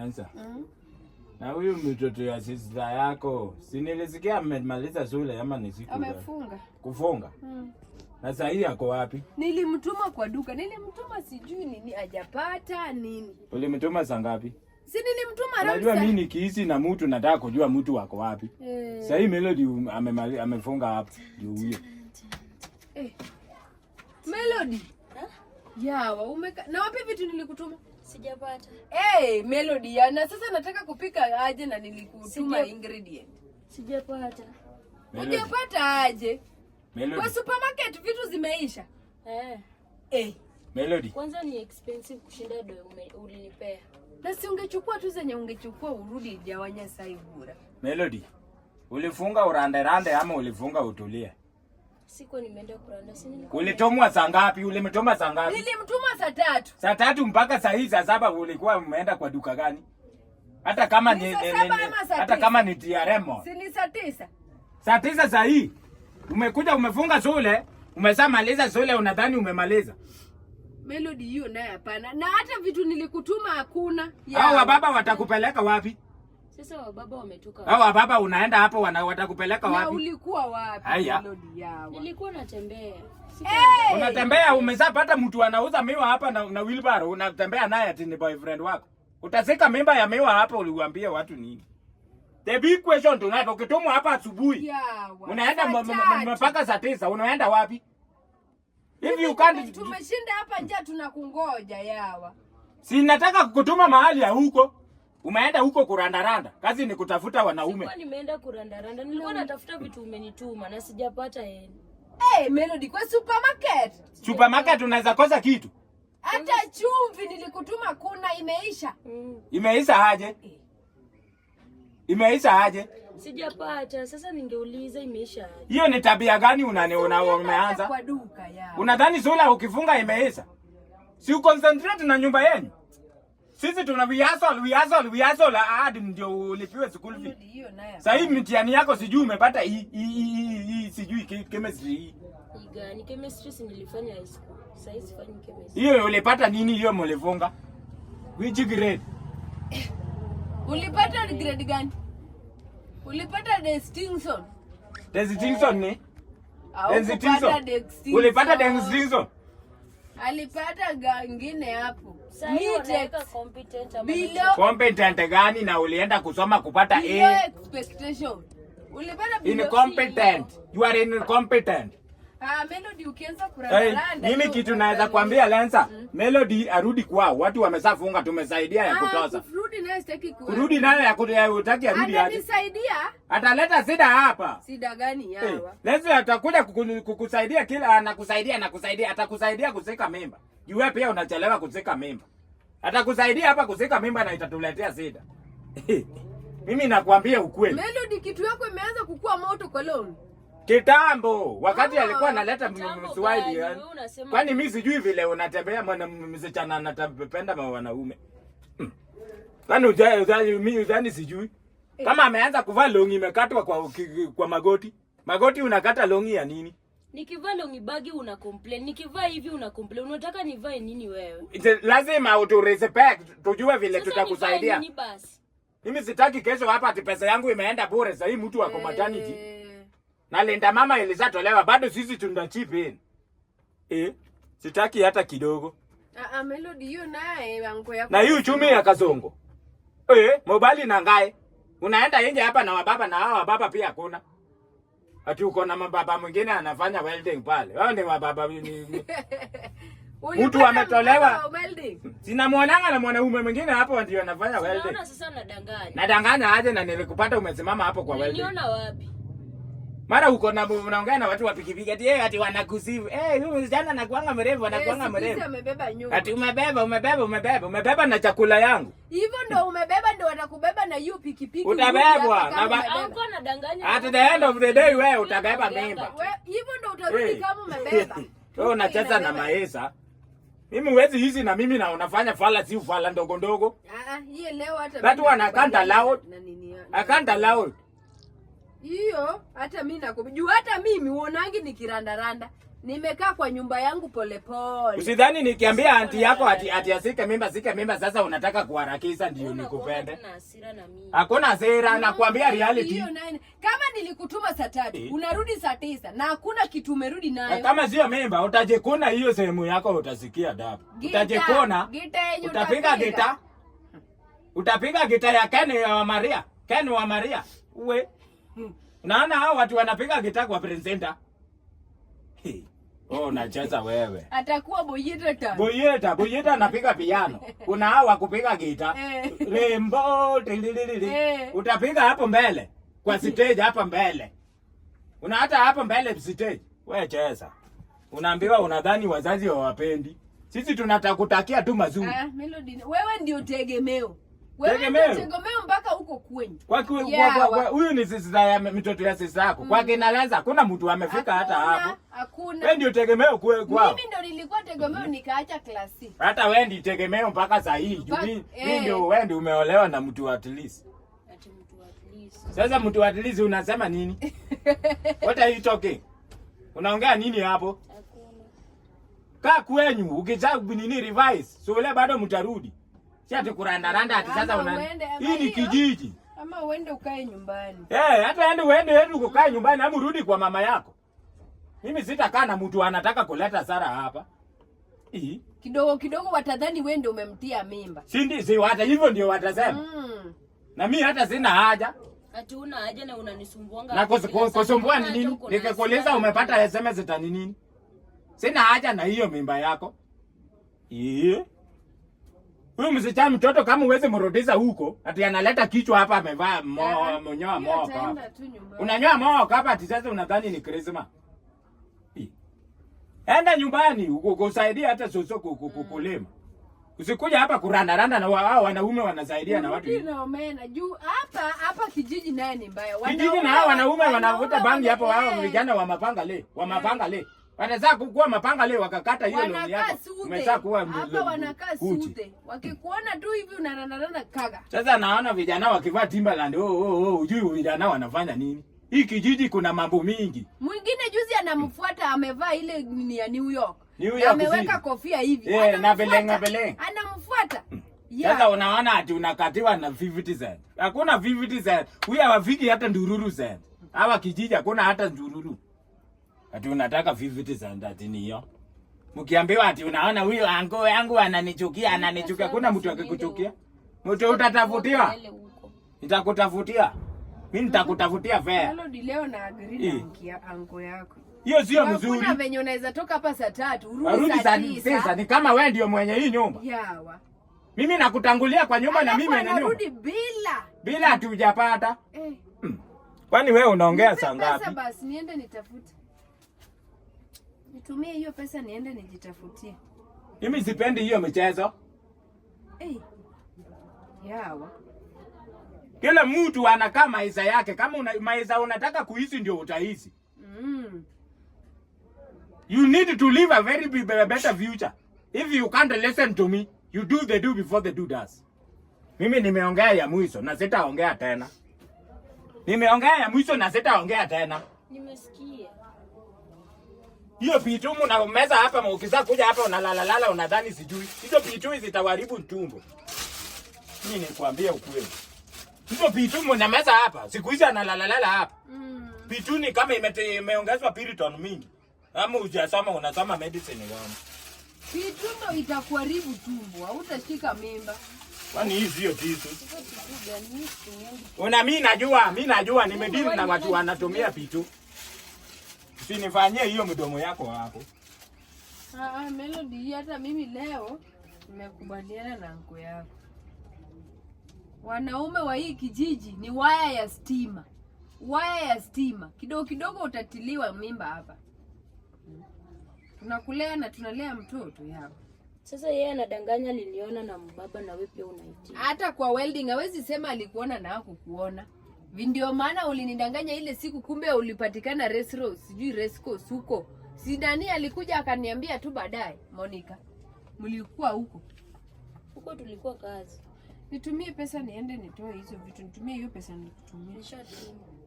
Nansa. Mm. Na huyu mtoto ya sister yako, si nilisikia amemaliza shule ama ni siku. Amefunga. Kufunga. Mm. Na sasa hii ako wapi? Nilimtuma kwa duka. Nilimtuma sijui nini ajapata nini. Ulimtuma saa ngapi? Si nilimtuma Ramsa. Unajua mimi nikiishi na mtu nataka kujua mtu wako wapi. Eh. Sasa hii Melody um, amefunga ame hapo. Ndio huyo. Eh. Melody. Huh? Yawa, umeka na wapi vitu nilikutuma? Sijapata. Hey, Melody yana sasa nataka kupika aje na nilikutuma Sijap... ingredient. Sijapata. Hujapata aje? Melody. Kwa supermarket vitu zimeisha. Eh. Hey. Eh. Melody. Kwanza ni expensive kushinda do ulinipea. Na si ungechukua tu zenye ungechukua urudi jawanya sai bura. Melody. Ulifunga urande rande ama ulifunga utulie? Siko nimeenda kuranda sini. Ulitomwa saa ngapi? Ulimtoma saa ngapi? Nilimtuma saa tatu. Saa tatu mpaka saa hii saa saba ulikuwa umeenda kwa duka gani? Hata kama ni hata kama ni TRM. Si ni saa tisa. Saa tisa saa hii umekuja umefunga shule, umeshamaliza shule unadhani umemaliza. Melody hiyo naye hapana. Na hata vitu nilikutuma hakuna. Hao baba watakupeleka wapi? Sasa baba wametoka wapi? Hao baba unaenda hapo wana watakupeleka wapi? Na ulikuwa wapi? Haya. Nilikuwa natembea. Hey! Unatembea umeshapata mtu anauza miwa hapa na, na wheelbarrow unatembea naye ati ni boyfriend wako. Utazika mimba ya miwa hapa uliwaambie watu nini? The big question tonight ukitumwa hapa asubuhi. Yeah, unaenda mpaka saa tisa unaenda wapi? Hivi ukandi tumeshinda hapa nje tunakungoja yawa. Si nataka kukutuma mahali ya huko. Umeenda huko kurandaranda, kazi ni kutafuta wanaume. Sikuwa nimeenda kurandaranda, nilikuwa natafuta vitu umenituma na sijapata hela. Eh, hey, Melody kwa supermarket. Supermarket unaweza kosa kitu. Hata chumvi nilikutuma kuna imeisha. Mm. Imeisha aje? Imeisha aje? Sijapata. Sasa ningeuliza imeisha aje. Hiyo ni tabia gani unaniona wewe umeanza? Unadhani Zula ukifunga imeisha? Si uconcentrate na nyumba yenu? Sisi tuna we hustle, we hustle, we hustle hadi ndio ulipiwe school fee. Sasa hii mtihani yako sijui umepata hii hii hii sijui chemistry hii. Gani chemistry si nilifanya high school. Sasa hii sifanyi chemistry. Hiyo ulipata nini hiyo mlevonga? Which grade? Ulipata grade gani? Ulipata Destinson. Destinson ni? Eh. Ulipata Destinson alipata gangine hapo competent gani? Na ulienda kusoma kupata A. Ulipata incompetent. You are incompetent. Ah, Melody ukianza kuranda. Mimi kitu naweza kuambia Lensa, mm. Melody arudi kwao. Watu wamesafunga tumesaidia ya ah, kutoza. Kurudi naye sitaki kuwa. Kurudi naye ya kutoa utaki arudi hadi. Atanisaidia? Ataleta sida hapa. Sida gani yawa? Hey, Lensa atakuja kukusaidia kila anakusaidia anakusaidia atakusaidia kusika mimba. Yule pia unachelewa kusika mimba. Atakusaidia hapa kusika mimba na itatuletea sida. Mimi nakwambia ukweli. Melody kitu yako imeanza kukua moto kwa leo. Kitambo wakati ah, alikuwa analeta Mswahili, kwani mimi sijui vile unatembea mwana msichana anatapenda wanaume. Hmm. Kwani uzani mimi uzani sijui. Eh. Kama ameanza kuvaa longi imekatwa kwa kwa magoti. Magoti unakata longi ya nini? Nikivaa longi bagi una complain. Nikivaa hivi una complain. Unataka nivae nini wewe? Lazima utu respect tujue vile tutakusaidia. Mimi sitaki kesho hapa ati pesa yangu imeenda bure. Sasa hii mtu ako eh. maternity na Linda Mama ilishatolewa bado sisi tunda chip in. Eh, sitaki hata kidogo. Ah, ah Melody hiyo naye eh, wangu yako. Na hiyo chumi ya Kasongo. Eh, mobali na ngae. Unaenda nje hapa na wababa na hawa wababa pia hakuna. Ati uko na mababa mwingine anafanya welding pale. Wao ni wababa ni Mtu ametolewa. Sina mwananga na mwanaume mwingine hapo ndio anafanya welding. Sasa nadanganya. Nadanganya aje na nilikupata umesimama hapo kwa welding. Niona wapi? Mara uko na mnaongea na watu wa pikipiki ati yeye eh, ati wanakusifu. Eh, hey, huyu msichana anakuanga mrefu, anakuanga hey, eh, mrefu. Amebeba nyumba. Ati umebeba, umebeba, umebeba, umebeba na chakula yangu. Hivyo ndo umebeba ndo wanakubeba na hiyo pikipiki. Utabebwa na ba... uko na danganya. At the end of the day wewe utabeba mimba. Hivyo ndo utarudi hey. Eh. Kama umebeba. Wewe unacheza na maesa. Mimi huwezi hizi na mimi na unafanya fala si fala ndogo ndogo. Ah, ah hii leo hata. Watu wanakanda loud. I can't allow hiyo hata mi nakujuu, hata mimi uonangi nikirandaranda. Nimekaa kwa nyumba yangu polepole. Usidhani nikiambia anti yako ati ati asike mimba asike mimba, sasa unataka kuharakisha ndio nikupende. Hakuna hasira, nakwambia reality. Hiyo nani? Kama nilikutuma saa tatu, eh. unarudi saa tisa na hakuna kitu umerudi nayo. Eh, kama sio mimba utajikuna hiyo sehemu yako utasikia dabu. Utajikuna. Utapiga gita. Utapiga gita ya Ken wa Maria. Ken wa Maria. Uwe Unaona hao watu wanapiga gitaa kwa presenter. Oh, nacheza wewe. Atakuwa boyeta ta. Boyeta, boyeta anapiga piano. Kuna hao wa kupiga gitaa. Eh. Rembo tililili. Eh. Utapiga hapo mbele. Kwa stage hapa mbele. Una hata hapo mbele stage. Wewe cheza. Unaambiwa unadhani wazazi hawapendi. Sisi tunatakutakia tu mazuri. Ah, melody. Wewe ndio tegemeo tegemeo mpaka huko Huyu ni ya ya yako, kwake mm. Nalanza hakuna mtu amefika hata hapo. Hakuna. Wewe ndio tegemeo kwao. Mimi ndio nilikuwa tegemeo mm. nikaacha klasi. Hata wewe ndio tegemeo mpaka saa hii. Mimi eh. ndio wewe ndio umeolewa na mtu at least. Sasa mtu at least unasema nini? What are you talking? Unaongea nini hapo? Kaa kwenyu nini revise. Sio bado mtarudi. Si ati kurandaranda ati sasa una hii ni kijiji. Ama uende ukae nyumbani. Eh, hey, hata yani uende yetu ukae nyumbani ama urudi kwa mama yako. Mimi sitakaa na mtu anataka kuleta sara hapa. Hii kidogo kidogo watadhani wewe ndio umemtia mimba. Si ndio? Si hata hivyo ndio watasema. Mm. Na mimi hata sina haja. Ati una haja na unanisumbua. Na kwa kusumbua ni nini? Nikakueleza umepata SMS za nini? Sina haja na hiyo mimba yako. Yeah. Huyu msichana mtoto kama uweze mrudisha huko, ati analeta kichwa hapa amevaa mo, monyoa mo Unanyoa mo hapa ati sasa unadhani ni Krisma. Enda nyumbani uko kusaidia hata soso kukulima. Usikuja hapa kuranda randa na wao wanaume wanasaidia na watu. Ndio Ninaomena juu hapa hapa kijiji naye ni mbaya. Kijiji na hao wanaume wanavuta bangi hapo, wao vijana wa mapanga le, wa mapanga le. Wanaweza kuwa mapanga leo wakakata hiyo leo yako. Umeanza kuwa hapa wanakaa sude. Wakikuona tu hivi unarandaranda kaga. Sasa naona vijana wakivaa Timberland. Oh oh oh, ujui vijana wanafanya nini? Hii kijiji kuna mambo mingi. Mwingine juzi anamfuata amevaa ile ni ya New York. New York ameweka kofia hivi. Yeah, na belenga belenga. Anamfuata. Hmm. Yeah. Sasa unaona ati unakatiwa na 50 cent. Hakuna 50 cent. Huyu hawafiki hata ndururu cent. Hawa kijiji hakuna hata ndururu. Ati unataka vivid za ndatini hiyo. Mkiambiwa ati unaona huyo ango yangu ananichukia, ananichukia. Kuna mtu akikuchukia? Mtu utatafutiwa. Nitakutafutia. Mimi nitakutafutia fair. Leo na agree na eh. ango yako. Hiyo sio mzuri. Kuna venye unaweza toka hapa saa tatu, urudi saa tisa. Ni kama wewe ndio mwenye hii nyumba. Yawa. Mimi nakutangulia kwa nyumba na mimi na nyumba. bila. Bila tujapata. Eh. Hmm. Kwani wewe unaongea saa ngapi? Sasa basi niende nitafute. Nitumie hiyo pesa niende nijitafutie. Mimi sipendi hiyo michezo. Hey. Yawa. Kila mtu anakaa maisha yake. Kama una, maisha unataka kuishi ndio utaishi. Mm. You need to live a very better future. If you can't listen to me, you do the do before the do does. Mimi nimeongea ya mwisho na sitaongea tena. Nimeongea ya mwisho na sitaongea tena. Nimesikia. Hiyo vitu meza hapa mukiza kuja hapa unalala lala, unadhani sijui. Hizo vitu zitawaribu tumbo. Mimi nikwambia ukweli. Hizo vitu meza hapa, siku hizi lala hapa. Mm. Vitu ni kama imeongezwa piriton mingi. Ama hujasoma unasoma medicine gani? Vitu itakuharibu tumbo, hautashika mimba. Kwani hizi sio vitu. Una mimi najua, mimi najua nimedili na watu wanatumia vitu. Usinifanyie hiyo mdomo yako hapo. Ah, ah Melody, hata mimi leo nimekubaliana na nko yako. Wanaume wa hii kijiji ni waya ya stima, waya ya stima. Kidogo kidogo utatiliwa mimba hapa. Tunakulea na tunalea mtoto yako. Sasa yeye anadanganya, niliona na mbaba, na wewe pia unaitii. Hata kwa welding hawezi sema alikuona na hakukuona. Vindio maana ulinidanganya ile siku, kumbe ulipatikana Resro, sijui Resco suko sidani. Alikuja akaniambia tu baadaye, Monica, mlikuwa huko huko, tulikuwa kazi. Nitumie pesa niende nitoe hizo vitu, nitumie hiyo pesa nikutumie. Nishatuma.